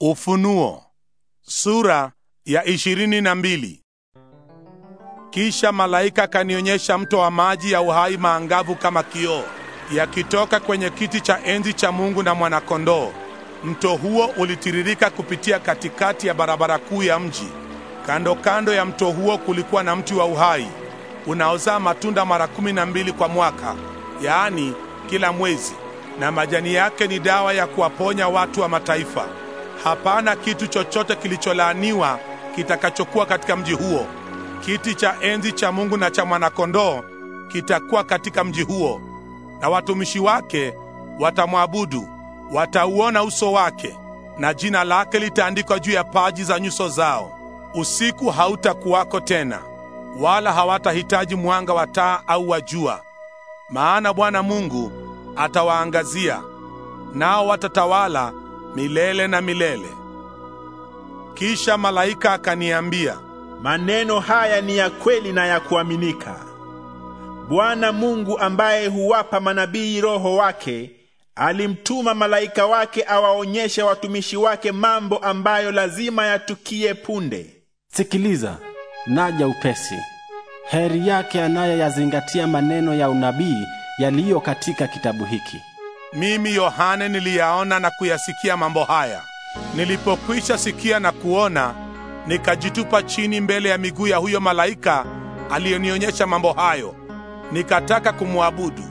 Ufunuo sura ya ishirini na mbili. Kisha malaika kanionyesha mto wa maji ya uhai maangavu kama kioo, yakitoka kwenye kiti cha enzi cha Mungu na mwanakondoo. Mto huo ulitiririka kupitia katikati ya barabara kuu ya mji. Kando kando ya mto huo kulikuwa na mti wa uhai unaozaa matunda mara kumi na mbili kwa mwaka, yaani kila mwezi, na majani yake ni dawa ya kuwaponya watu wa mataifa hapana kitu chochote kilicholaaniwa kitakachokuwa katika mji huo. Kiti cha enzi cha Mungu na cha mwanakondoo kitakuwa katika mji huo, na watumishi wake watamwabudu, watauona uso wake, na jina lake litaandikwa juu ya paji za nyuso zao. Usiku hautakuwako tena, wala hawatahitaji mwanga wa taa au wa jua, maana Bwana Mungu atawaangazia, nao watatawala milele na milele. Kisha malaika akaniambia, maneno haya ni ya kweli na ya kuaminika. Bwana Mungu ambaye huwapa manabii roho wake alimtuma malaika wake awaonyeshe watumishi wake mambo ambayo lazima yatukie punde. Sikiliza, naja upesi. Heri yake anayeyazingatia maneno ya unabii yaliyo katika kitabu hiki mimi Yohane niliyaona na kuyasikia mambo haya. Nilipokwisha sikia na kuona, nikajitupa chini mbele ya miguu ya huyo malaika aliyenionyesha mambo hayo, nikataka kumwabudu,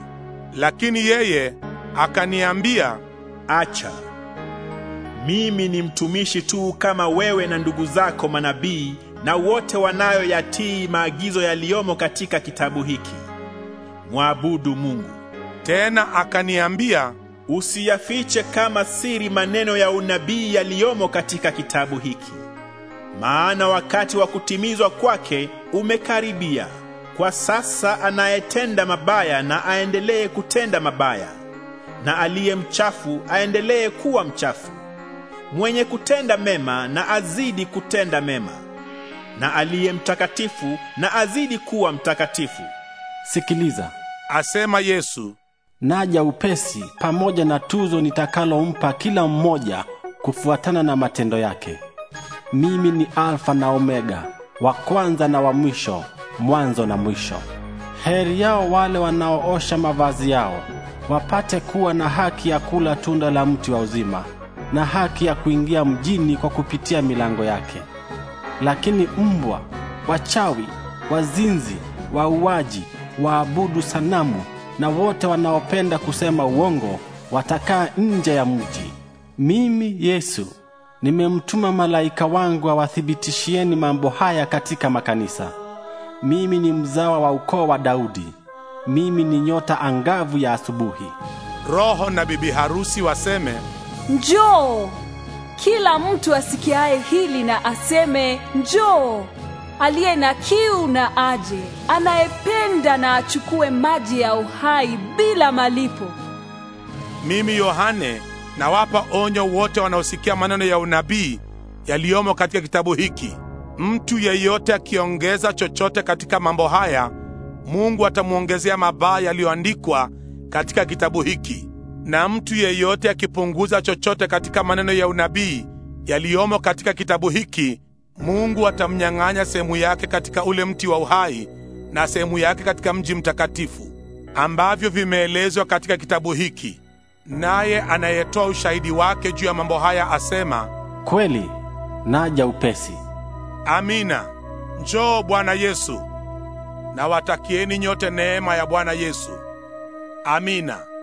lakini yeye akaniambia, acha, mimi ni mtumishi tu kama wewe na ndugu zako manabii na wote wanayoyatii maagizo yaliyomo katika kitabu hiki. Mwabudu Mungu. Tena akaniambia, usiyafiche kama siri maneno ya unabii yaliyomo katika kitabu hiki, maana wakati wa kutimizwa kwake umekaribia. Kwa sasa anayetenda mabaya na aendelee kutenda mabaya, na aliye mchafu aendelee kuwa mchafu, mwenye kutenda mema na azidi kutenda mema, na aliye mtakatifu na azidi kuwa mtakatifu. Sikiliza, asema Yesu, naja upesi pamoja na tuzo nitakalompa kila mmoja kufuatana na matendo yake. Mimi ni Alfa na Omega, wa kwanza na wa mwisho, mwanzo na mwisho. Heri yao wale wanaoosha mavazi yao, wapate kuwa na haki ya kula tunda la mti wa uzima na haki ya kuingia mjini kwa kupitia milango yake. Lakini mbwa, wachawi, wazinzi, wauaji, waabudu sanamu na wote wanaopenda kusema uongo watakaa nje ya mji. Mimi Yesu nimemtuma malaika wangu awathibitishieni mambo haya katika makanisa. Mimi ni mzawa wa ukoo wa Daudi, mimi ni nyota angavu ya asubuhi. Roho na bibi harusi waseme njoo. Kila mtu asikiaye hili na aseme njoo aliye na kiu na aje, anayependa na achukue maji ya uhai bila malipo. Mimi Yohane nawapa onyo wote wanaosikia maneno ya unabii yaliyomo katika kitabu hiki. Mtu yeyote akiongeza chochote katika mambo haya, Mungu atamwongezea mabaya yaliyoandikwa katika kitabu hiki, na mtu yeyote akipunguza chochote katika maneno ya unabii yaliyomo katika kitabu hiki Mungu atamnyang'anya sehemu yake katika ule mti wa uhai na sehemu yake katika mji mtakatifu, ambavyo vimeelezwa katika kitabu hiki. Naye anayetoa ushahidi wake juu ya mambo haya asema, kweli naja upesi. Amina. Njoo Bwana Yesu. Na watakieni nyote neema ya Bwana Yesu. Amina.